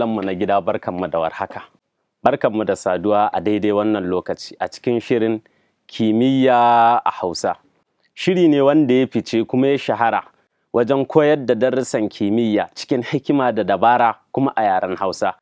kallonmu na gida barkanmu da warhaka. Barkanmu da saduwa a daidai wannan lokaci a cikin shirin kimiyya a Hausa. Shiri ne wanda ya fice kuma ya shahara wajen koyar da darussan kimiyya cikin hikima da dabara kuma a yaren Hausa,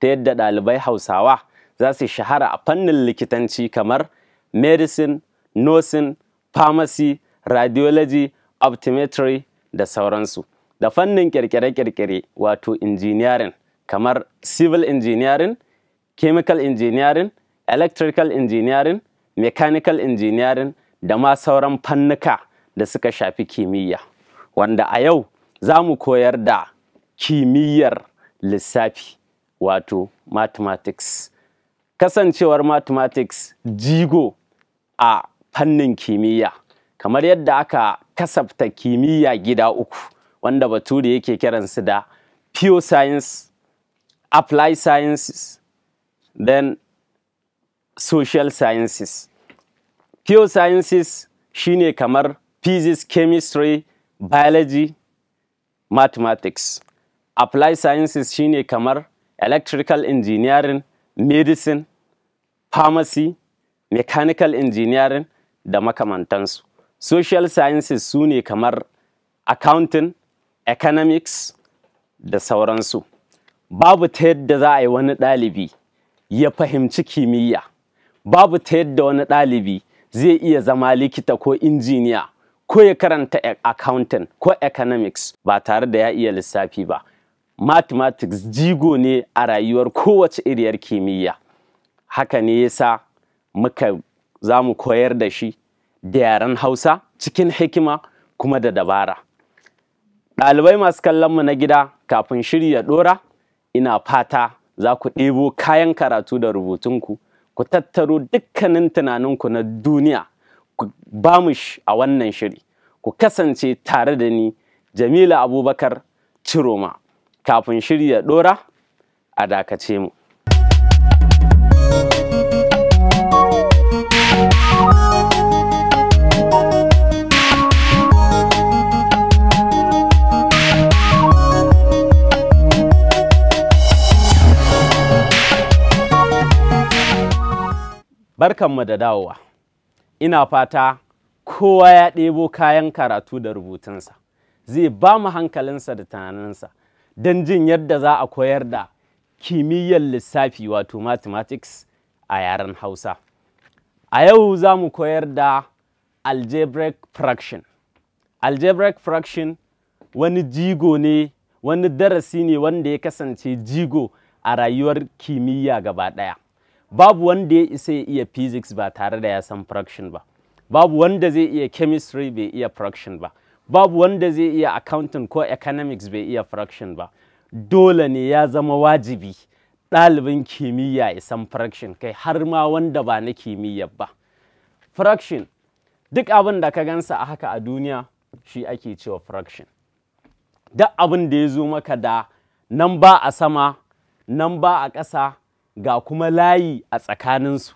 ta yadda ɗalibai Hausawa za su shahara a fannin likitanci kamar medicine, nursing, pharmacy, radiology, optometry da sauransu. Da fannin kirkire-kirkire wato injiniyarin. kamar civil engineering chemical engineering electrical engineering mechanical engineering da ma sauran fannuka da suka shafi kimiyya wanda a yau za mu koyar da kimiyyar lissafi wato mathematics kasancewar mathematics jigo a fannin kimiyya kamar yadda aka kasafta kimiyya gida uku wanda bature yake kiransu da pure science applied sciences, then social sciences. Pure sciences shine kamar physics, chemistry, biology, mathematics. Applied sciences shine kamar electrical engineering, medicine, pharmacy, mechanical engineering da makamantansu. Social sciences su ne kamar accounting, economics da sauransu. babu ta yadda za a yi wani ɗalibi ya fahimci kimiyya babu ta yadda wani ɗalibi zai iya zama likita ko injiniya ko ya karanta accounting ko economics ba tare da ya iya lissafi ba mathematics jigo ne a rayuwar kowace iriyar kimiyya haka ne yasa muka za mu koyar da shi da yaren hausa cikin hikima kuma da dabara ɗalibai masu kallonmu na gida kafin shirya ɗora ina fata za ku ɗebo kayan karatu da rubutunku ku tattaro dukkanin tunaninku na duniya ku bamu a wannan shiri ku kasance tare da ni jamila abubakar ciroma kafin shiri ya ɗora a dakace mu barkanmu da dawowa ina fata kowa ya ɗebo kayan karatu da rubutunsa zai ba mu hankalinsa da tunaninsa don jin yadda za a koyar da kimiyyar lissafi wato mathematics a yaren hausa a yau za mu koyar da algebraic fraction algebraic fraction wani jigo ne wani darasi ne wanda ya kasance jigo a rayuwar kimiyya gaba ɗaya babu wanda ya isa ya iya physics ba tare da ya san fraction ba babu wanda zai iya chemistry bai iya fraction ba babu wanda zai iya accounting ko economics bai iya fraction ba dole ne ya zama wajibi ɗalibin kimiyya ya san fraction kai har ma wanda ba na kimiyya ba fraction duk abin da ka gansa a haka a duniya shi ake cewa fraction duk abin da ya zo maka da nan ba a sama nan ba a ƙasa ga kuma layi a tsakaninsu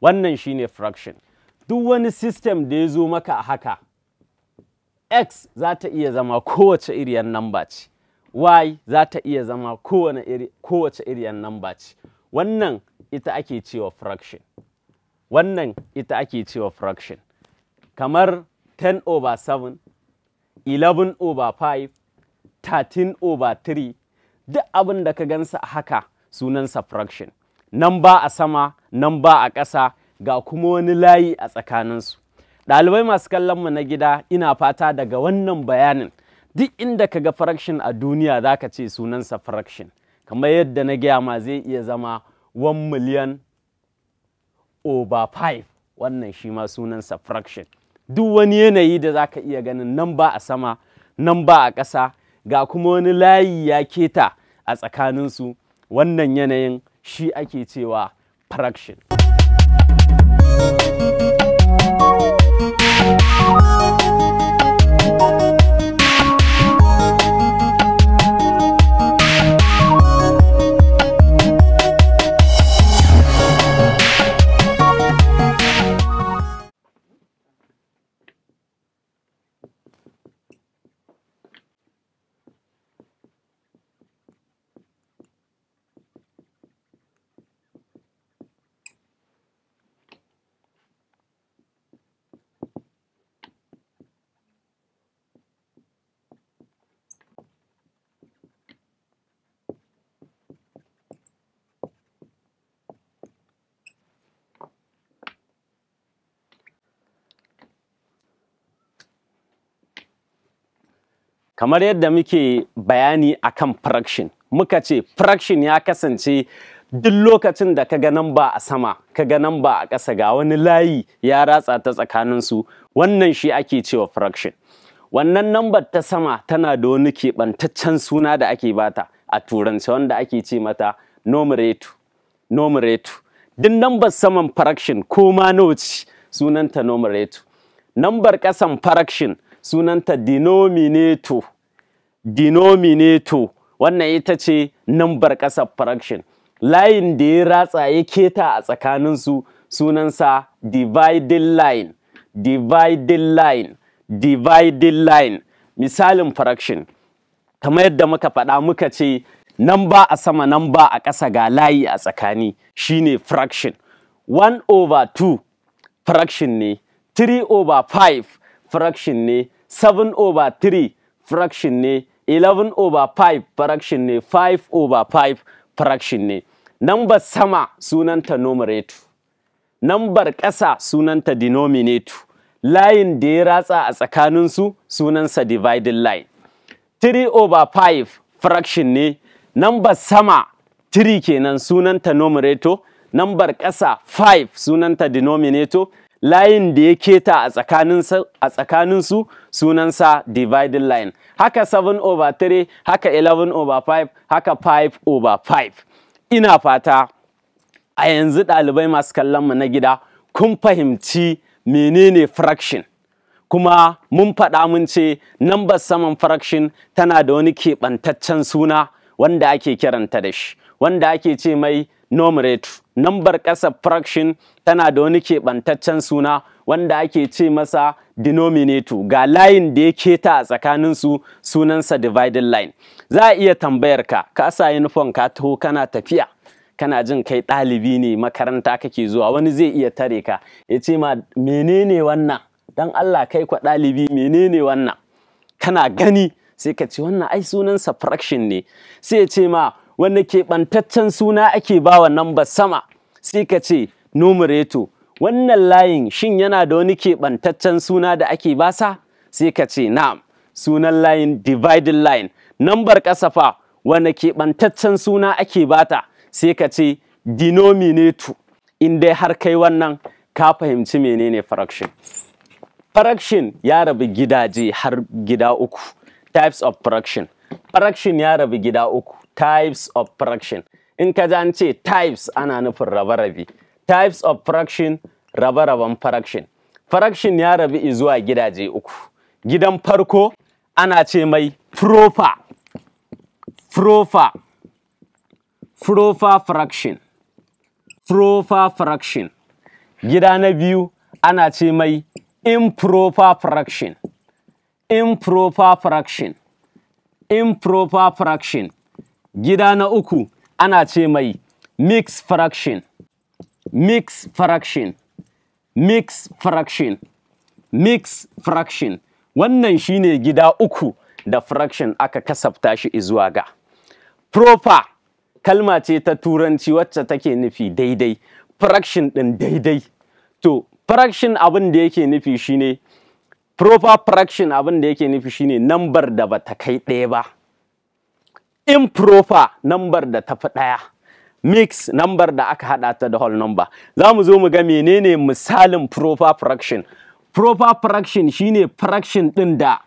wannan shine fraction duk wani system da ya zo maka a haka x za ta iya zama kowace iriyar namba ce y za ta iya zama kowace iriyar namba ce wannan ita ake cewa fraction wannan ita ake cewa fraction kamar 10 over 7 11 over 5 13 over 3 duk abin da ka gansa a haka sunansa fraction nan ba a sama nan ba a ƙasa ga kuma wani layi a tsakaninsu ɗalibai masu kallon na gida ina fata daga wannan bayanin duk inda ka ga fraction a duniya za ka ce sunansa fraction kamar yadda na gaya ma zai iya zama 1 million over 5 wannan shi ma sunansa fraction duk wani yanayi da za ka iya ganin nan ba a sama nan ba a ƙasa ga kuma wani layi ya keta a tsakaninsu wannan yanayin shi ake cewa fraction kamar yadda muke bayani akan fraction muka ce fraction ya kasance duk lokacin da ka ga namba a sama ka ga namba a ƙasa ga wani layi ya ratsa ta tsakaninsu wannan shi ake cewa fraction wannan nambar ta sama tana da wani keɓantaccen suna da ake bata a turance wanda ake ce mata numerator duk nambar saman fraction ko ma nauci sunanta numerator nambar ƙasan fraction sunanta denominator denominator wannan ita ce nambar ƙasar fraction layin da ya ratsa ya keta a tsakaninsu sunansa dividing line dividing line dividing line misalin fraction kamar yadda muka faɗa muka ce namba a sama namba a ƙasa ga layi a tsakani shine fraction 1 over 2 fraction ne 3 over 5 fraction ne 7 over 3 fraction ne 11 over 5 fraction ne 5 over 5 fraction ne number sama sunanta numerator number ƙasa sunanta denominator layin da ya ratsa a tsakaninsu sunansa dividing line 3 over 5 fraction ne number sama 3 kenan sunanta numerator number ƙasa 5 sunanta denominator layin da ya keta a tsakaninsu sunansa dividing line haka 7 over 3 haka 11 over 5 haka 5 over 5 ina fata a yanzu ɗalibai masu kallon mu na gida kun fahimci menene fraction kuma mun faɗa mun ce nambar saman fraction tana da wani keɓantaccen suna wanda ake kiranta da shi wanda ake ce mai numerator number ƙasa fraction tana da wani keɓantaccen suna wanda ake ce masa denominator ga layin da ya keta a su sunansa divided line za a iya tambayar ka ka sa uniform ka taho kana tafiya kana jin kai ɗalibi ne makaranta kake zuwa wani zai iya tare ka ya ce ma menene wannan dan Allah kai kwa ɗalibi menene wannan kana gani sai ka ce wannan ai sunansa fraction ne sai ya ce ma wanda keɓantaccen suna ake ba wa namba sama sai ka ce numerator wannan layin shin yana da wani keɓantaccen suna da ake basa sai ka ce na'am sunan layin dividing line nambar kasafa wanda keɓantaccen suna ake bata sai ka ce denominator in dai har kai wannan ka fahimci menene fraction fraction ya rabu gidaje har gida uku types of fraction fraction ya rabu gida uku types of fraction in ka ji an types ana nufin rabe-rabe types of fraction rabe-raben fraction fraction ya rabu zuwa gidaje uku gidan farko ana ce mai proper proper proper fraction proper fraction gida na biyu ana ce mai improper fraction improper fraction improper fraction Gida na uku ana ce mai mix fraction, mix fraction, mix fraction, mix fraction. Wannan shine gida uku da fraction aka kasafta shi zuwa ga. Proper kalma ce ta turanci wacce take nufi daidai, fraction din daidai. To, fraction abin da yake nufi shine proper fraction abin da yake nufi shine number da bata kai ɗaya ba. improper number da tafi ɗaya mix number da aka haɗa ta da whole number za mu zo mu ga menene misalin proper fraction proper fraction shine fraction ɗin da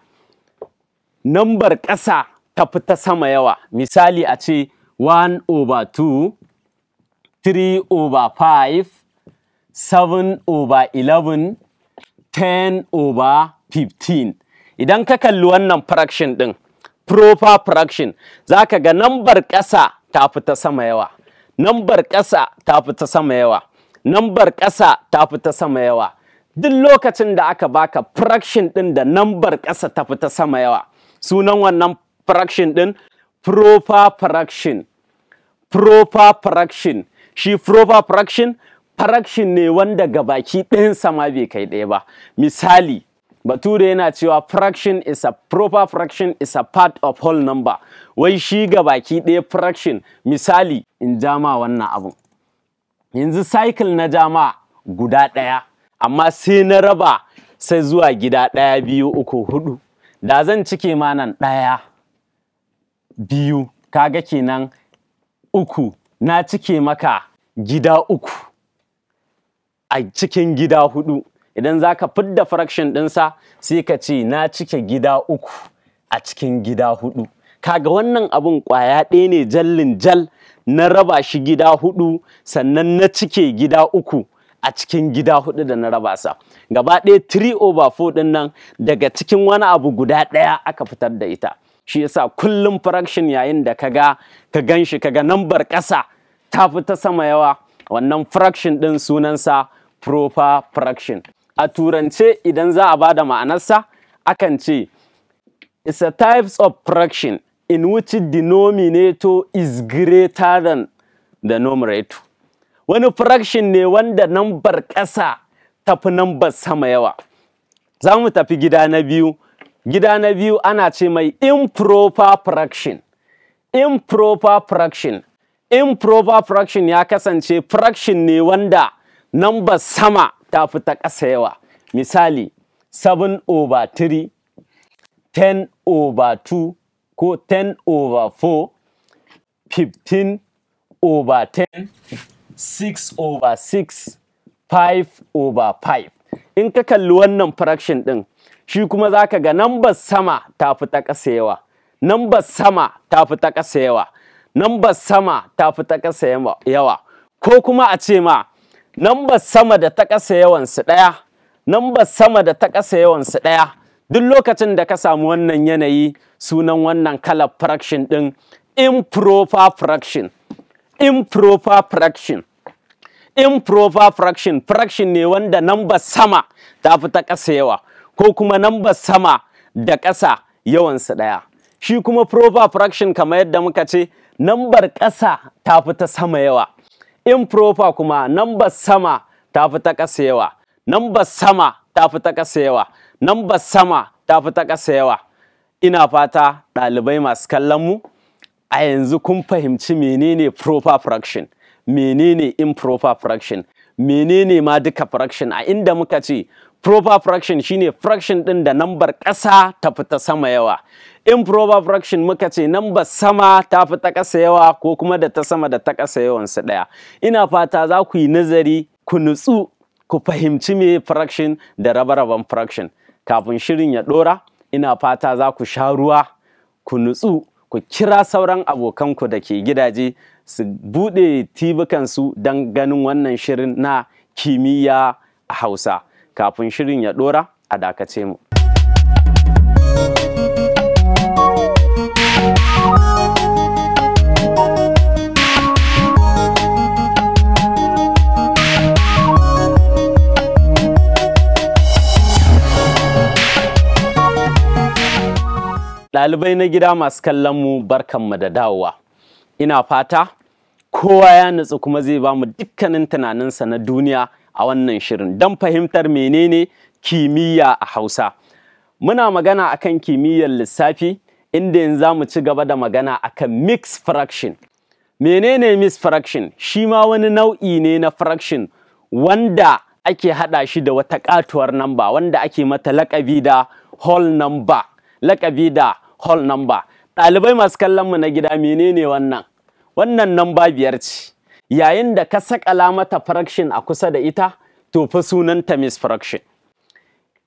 number ƙasa tafi ta sama yawa misali a ce 1 over 2 3 over 5 7 over 11 10 over 15 idan ka kalli wannan fraction ɗin proper fraction za ka ga nambar ƙasa ta fi ta sama yawa nambar ƙasa ta fi ta sama yawa nambar ƙasa ta fi ta sama yawa duk lokacin da aka baka fraction ɗin da nambar ƙasa ta fi ta sama yawa sunan wannan fraction ɗin proper fraction proper fraction shi proper fraction fraction ne wanda gabaki ɗayan sama bai kai ɗaya ba misali bature yana cewa fraction is a proper fraction is a part of whole number wai shi ga baki ɗaya fraction misali in jama wannan abun yanzu cycle na jama guda ɗaya amma sai na raba sai zuwa gida ɗaya biyu uku hudu da zan cike ma nan ɗaya biyu kaga kenan uku na cike maka gida uku a cikin gida hudu idan za ka fidda fraction ɗinsa sai ka ce na cike gida uku a cikin gida hudu kaga wannan abun kwaya ɗaya ne jallin jal na raba shi gida hudu sannan na cike gida uku a cikin gida hudu da na raba sa gaba ɗaya 3 over 4 ɗin nan daga cikin wani abu guda ɗaya aka fitar da ita shi yasa kullum fraction yayin da ka ga ka gan ganshi ga nambar ƙasa ta fi ta sama yawa wannan fraction ɗin sunansa proper fraction a turance idan za a bada ma'anarsa akan ce it's a types of fraction in which denominator is greater than the numerator wani fraction ne wanda nambar ƙasa tafi nambar sama yawa za mu tafi gida na biyu gida na biyu ana ce mai improper fraction improper fraction improper fraction ya kasance fraction ne wanda nambar sama ta fi ta ƙasa yawa misali 7 over 3 10 over 2 ko 10 over 4 15 over 10 6 over 6 5 over 5 in ka kalli wannan fraction ɗin shi kuma za ka ga nambar sama ta fi ta ƙasa yawa nambar sama ta fi ta ƙasa yawa nambar sama ta fi ta ƙasa yawa ko kuma a ce ma nambar sama da ta ƙasa yawansu ɗaya nambar sama da ta yawansu ɗaya duk lokacin da ka samu wannan yanayi sunan wannan kalar fraction ɗin improper fraction improper fraction improper fraction fraction ne wanda nambar sama ta fi ta ƙasa yawa ko kuma nambar sama da ƙasa yawansu ɗaya shi kuma proper fraction kamar yadda muka ce nambar ƙasa ta fi ta sama yawa improper kuma number sama ta fi ta ƙasa yawa number sama ta fi ta ƙasa yawa number sama ta fi ta ƙasa yawa ina fata ɗalibai masu kallon mu a yanzu kun fahimci menene proper fraction menene improper fraction menene ma duka fraction a inda muka ce proper fraction shine fraction din da number ƙasa ta fita sama yawa improper fraction muka ce number sama ta fita ƙasa yawa ko kuma da ta sama da ta ƙasa yawan su ɗaya ina fata za ku yi nazari ku nutsu ku fahimci me fraction da raba-raban fraction kafin shirin ya ɗora ina fata za ku sha ruwa ku nutsu ku kira sauran abokanku da ke gidaje su buɗe tibukansu don ganin wannan shirin na kimiyya a hausa kafin shirin ya ɗora a dakace mu Ɗalibai na gida masu kallon mu barkan mu da dawowa. ina fata kowa ya nutsu kuma zai ba mu dukkanin tunaninsa na duniya a wannan shirin don fahimtar menene kimiyya a hausa muna magana akan kimiyyar lissafi inda yanzu za mu ci gaba da magana akan mix fraction menene mix fraction shi ma wani nau'i ne na fraction wanda ake haɗa shi da wata katuwar namba wanda ake mata lakabi da whole number lakabi da whole number ɗalibai masu kallon mu na gida menene wannan wannan nan biyar ce yayin da ka sakala mata fraction a kusa da ita to fa sunanta fraction.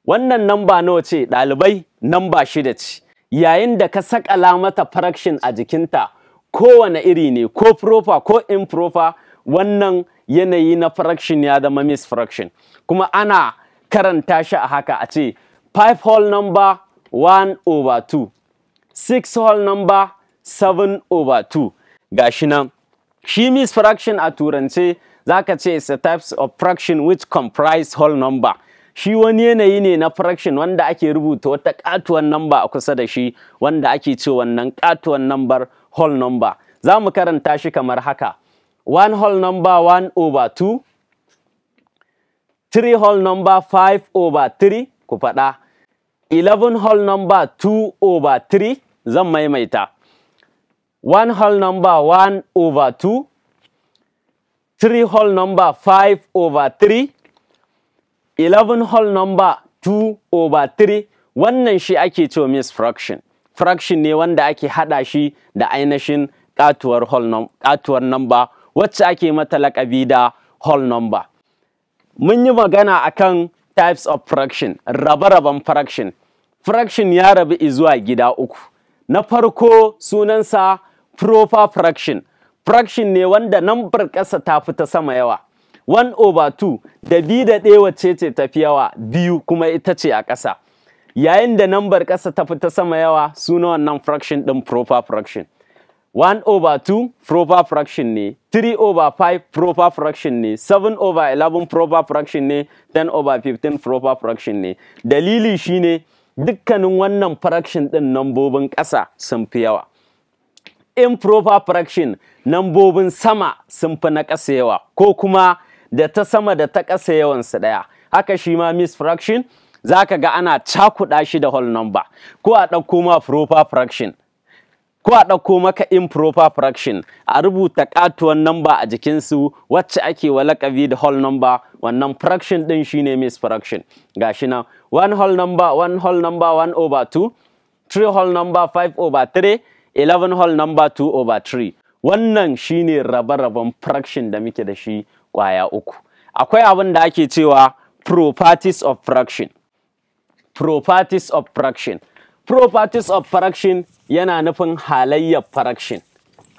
wannan namba nawa ce ɗalibai namba shida ce yayin da ka sakala mata fraction a jikinta kowane iri ne ko proper ko improper wannan yanayi na fraction ya zama miss fraction kuma ana karanta shi a haka a ce 5 whole number 1 over 2 6 whole number 7 over 2 gashi nan shi miss fraction a turance zaka ce it's a types of fraction which comprise whole number shi wani yanayi ne na fraction wanda ake rubuta wata katuwar number a kusa da shi wanda ake ce wannan katuwar number whole number za mu karanta shi kamar haka one whole number one over 2 3 whole number five over three. ku faɗa eleven whole number 2 over 3 zan maimaita one whole number one over two three whole number five over three eleven whole number two over three. wannan shi ake cewa miss fraction fraction ne wanda ake hada shi da ainihin katuwar katuwar number wacce ake mata lakabi da whole number mun yi magana akan types of fraction rabe-raben fraction fraction ya rabu zuwa gida uku na farko sunansa proper fraction fraction ne wanda nambar ƙasa ta fi ta sama yawa 1 over 2 da bi da ɗaya wacce ce tafi yawa biyu kuma ita ce a ƙasa yayin da nambar ƙasa ta fi ta sama yawa suna wannan fraction ɗin proper fraction 1 over 2 proper fraction ne 3 over 5 proper fraction ne 7 over 11 proper fraction ne 10 over 15 proper fraction ne dalili shine ne dukkanin wannan fraction ɗin nambobin ƙasa sun fi yawa improper fraction nambobin sama sun fi na ƙasa yawa ko kuma da ta sama da ta ƙasa yawansu ɗaya haka shi ma miss fraction za ka ga ana cakuɗa shi da whole number ko a ɗauko ma proper fraction ko a ɗauko maka improper fraction a rubuta katuwan namba a jikinsu wacce ake wa lakabi da whole number wannan fraction ɗin shine ga shi nan one whole number one whole number one over two three whole number five over three eleven whole number two over three wannan shine rabe-raben fraction da muke da shi kwaya uku akwai abin da ake cewa properties of fraction properties of fraction properties of fraction yana nufin halayyar fraction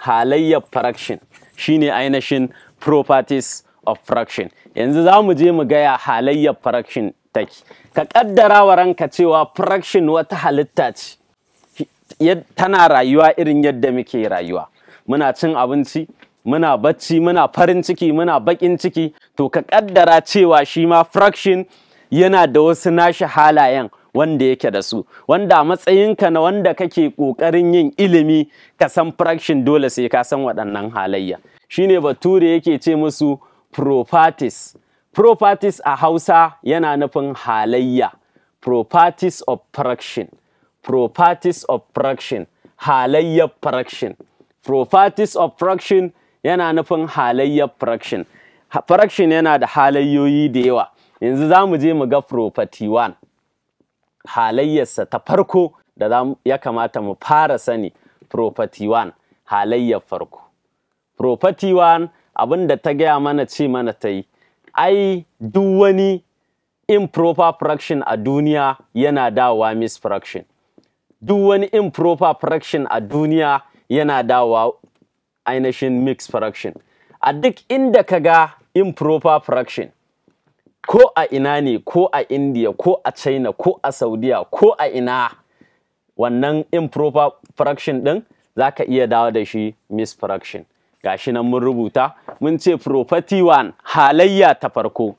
halayyar fraction shine ainihin properties of fraction yanzu za mu je mu gaya halayyar fraction take ka kaddara wa ranka cewa fraction wata halitta ce tana rayuwa irin yadda muke rayuwa muna cin abinci muna bacci muna farin ciki muna bakin ciki to ka kaddara cewa shi ma fraction yana da wasu nashi halayen wanda yake da su wanda a matsayinka na wanda kake ƙoƙarin yin ilimi ka san fraction dole sai ka san waɗannan halayya shine bature yake ce musu properties properties a hausa yana nufin halayya properties of fraction properties of fraction halayyar fraction properties of fraction yana nufin halayya fraction fraction yana da halayyoyi da yawa yanzu za mu je mu ga property one. halayyarsa ta farko da ya kamata mu fara sani property one halayyar farko property one abin da ta gaya mana ce mana ta yi ai duk wani improper fraction a duniya yana dawowa misfraction duk wani improper fraction a duniya yana dawowa ainihin mixed fraction a duk inda ka ga improper fraction ko a ina ne ko a india ko a china ko a saudiya ko a ina wannan improper fraction din za ka iya dawo da shi misfraction shi nan mun rubuta mun ce property one halayya ta farko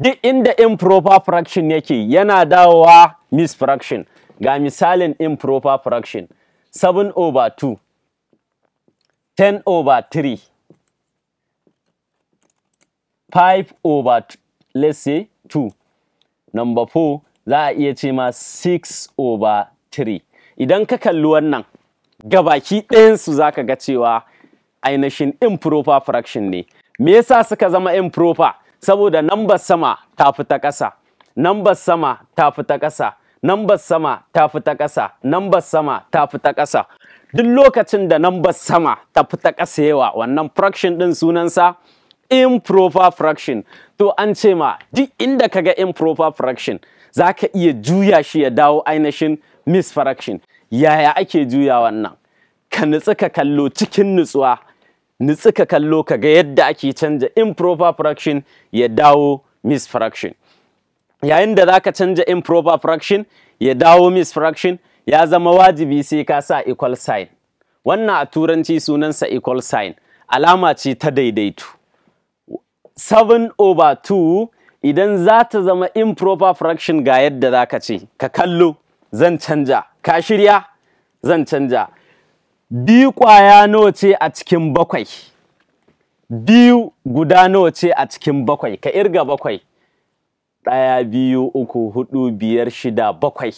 duk inda improper fraction yake yana dawowa misfraction ga misalin improper fraction 7 over 2 10 over 3 5 over let's say 2 number 4 za a iya ce ma 6 over 3 idan ka kalli wannan gabaki ɗayansu za ka ga cewa ainihin improper fraction ne me yasa suka zama improper saboda number sama ta fi ta ƙasa number sama ta fi ta ƙasa number sama ta fi ta ƙasa number sama ta fi ta ƙasa duk lokacin da number sama ta fi ta ƙasa yawa wannan fraction ɗin sunansa improper fraction to an ce ma duk inda kaga improper fraction za ka iya juya shi ya dawo ainihin misfraction yaya ake juya wannan ka nutsu ka kallo cikin nutsuwa nutsu ka kallo kaga yadda ake canja improper fraction ya dawo misfraction yayin da zaka ka canja improper fraction ya dawo misfraction ya zama wajibi sai ka sa equal sign wannan a turanci sunansa equal sign alama ce ta daidaito 7 over 2 idan za ta zama improper fraction ga yadda za ka ce ka kallo zan canja ka shirya zan canja biyu ƙwaya nawa ce a cikin bakwai biyu guda nawa ce a cikin bakwai ka irga bakwai ɗaya biyu uku hudu biyar shida bakwai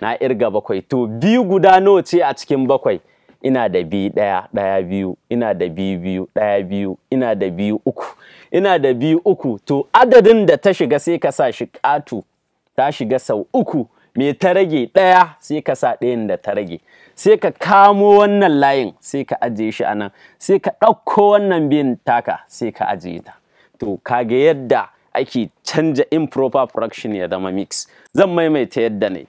na irga bakwai to biyu guda nawa ce a cikin bakwai ina da biyu ɗaya ɗaya biyu ina da biyu biyu ɗaya biyu ina da biyu uku ina da biyu uku to adadin da ta shiga sai ka sa shi ƙato ta shiga sau uku mai ta rage ɗaya sai ka sa ɗayan da ta rage sai ka kamo wannan layin sai ka ajiye shi anan sai ka ɗauko wannan biyun taka sai ka ajiye ta to kaga yadda ake canja improper fraction ya zama mix zan maimaita yadda ne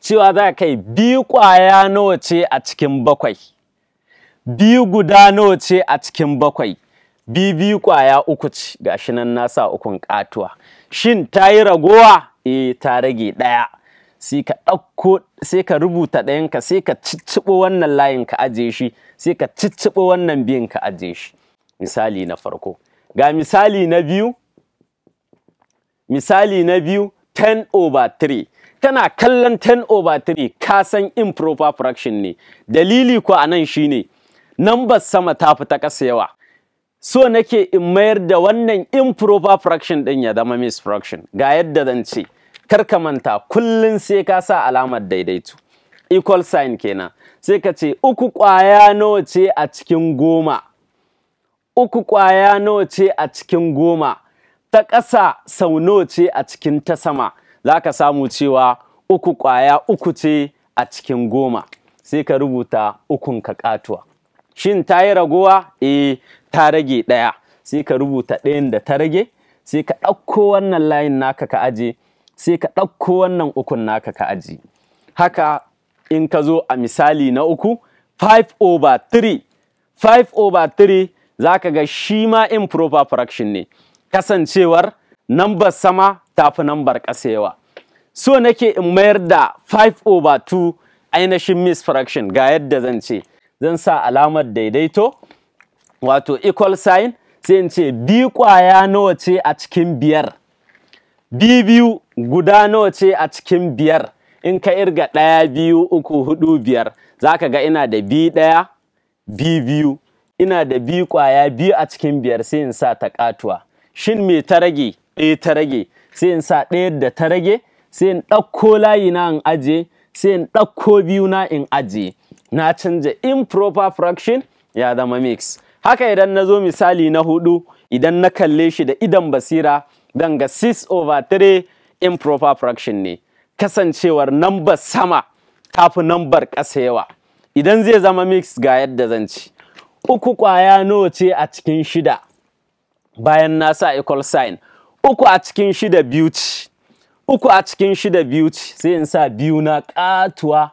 cewa za kai yi biyu ƙwaya nawa ce a cikin bakwai biyu guda nawa ce a cikin bakwai bibi kwaya uku ce gashi nan na sa ukun katuwa shin ta yi ragowa eh ta rage ɗaya sai ka ɗauko sai ka rubuta ɗayanka sai ka cicciɓo wannan layin ka ajiye shi sai ka cicciɓo wannan biyan ka ajiye shi misali na farko ga misali na biyu misali na biyu 10 over 3 Tana kallon 10 over 3 ka san improper fraction ne dalili ko anan shine nan sama ta fi ta ƙasa yawa so nake in mayar da wannan improper fraction din ya zama fraction ga yadda zan ce kar ka manta kullun sai ka sa alamar daidaito equal sign kenan sai ka ce uku kwaya nawa ce a cikin goma uku kwaya nawa ce a cikin goma ta ƙasa sau nawa ce a cikin ta sama za ka samu cewa uku kwaya uku ce a cikin goma sai ka rubuta ukun ka katuwa shin ta yi ragowa eh ta rage ɗaya sai ka rubuta ɗayan da ta rage sai ka ɗauko wannan layin naka ka aje sai ka ɗauko wannan ukun naka ka aje haka in ka zo a misali na uku 5 over 3 5 over 3 za ka ga shi ma improper fraction ne kasancewar nambar sama tafi nambar ƙasewa so nake in mayar da 5 over 2 ainihin misfraction ga yadda zan ce zan sa alamar daidaito wato equal sign sai in ce bi kwaya nawa ce a cikin biyar bi biyu guda nawa ce a cikin biyar in ka irga ɗaya biyu uku hudu biyar za ka ga ina da bi ɗaya bi biyu ina da bi kwaya biyu a cikin biyar sai in sa ta katuwa shin me ta rage ɗaya eh, ta rage sai in sa ɗaya da ta rage sai in ɗauko layi na in aje sai in ɗauko biyu na in aje na canja improper fraction ya zama mix haka idan na zo misali na hudu idan na kalle shi da idan basira dan ga 6 over 3 improper fraction ne kasancewar number sama tafi number ƙasa yawa idan zai zama mix ga yadda zan ci uku kwaya nawa ce a cikin shida bayan na sa equal sign uku a cikin shida biyu ci uku a cikin shida biyu ci sai in sa biyu na katuwa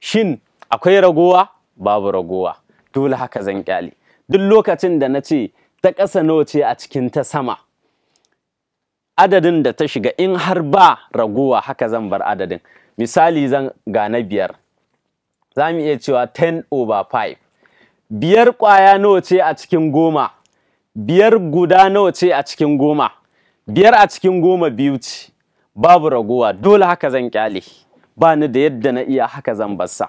shin akwai ragowa babu ragowa dole haka zan kyale duk lokacin da na ce ta ƙasa nawa a cikin ta sama adadin da ta shiga in har ba raguwa haka zan bar adadin misali zan ga na biyar za mu iya cewa 10 over 5 biyar ƙwaya nawa ce a cikin goma biyar guda nawa ce a cikin goma biyar a cikin goma biyu ce babu raguwa dole haka zan kyale ba ni da yadda na iya haka zan bassa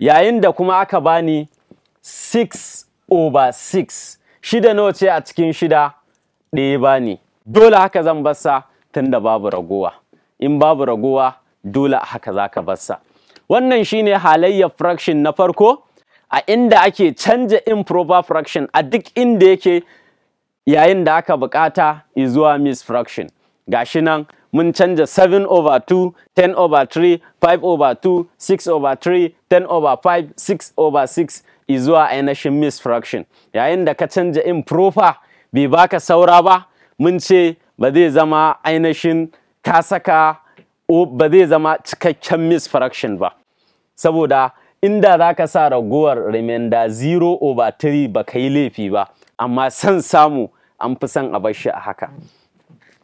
yayin da kuma aka bani 6 over 6 shida nawa ce a cikin shida ɗaya ba ne dole haka zan basa tunda babu ragowa in babu ragowa dole haka za ka basa wannan shine halayyar fraction na farko a inda ake canja improper fraction a duk inda yake yayin da aka bukata zuwa miss fraction gashi nan mun canja 7 over 2, 10 over 3, 5 over 2, 6 over 3, 10 over 5, 6 over 6 zuwa ainihin misfraction yayin da ka canja improper bai baka saura ba mun ce ba zai zama ainihin ka saka ba zai zama cikakken misfraction ba saboda inda za ka sa ragowar remainder zero over 3 ba ka yi laifi ba amma san samu an fi son a bar shi a haka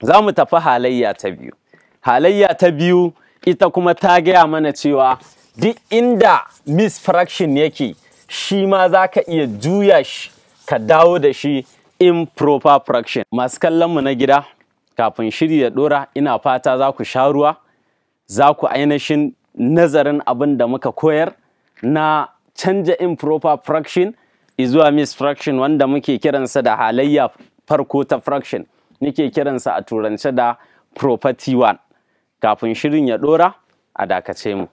za mu tafi halayya ta biyu halayya ta biyu ita kuma ta gaya mana cewa duk inda misfraction yake shi ma za ka iya juya shi ka dawo da shi in proper fraction masu kallonmu na gida kafin shiri ya ɗora ina fata za ku sha ruwa za ku ainihin nazarin abin da muka koyar na canja proper fraction izuwa misfraction wanda muke kiransa da halayya farko ta fraction nake kiransa a turance da property one kafin shirin ya ɗora a dakace mu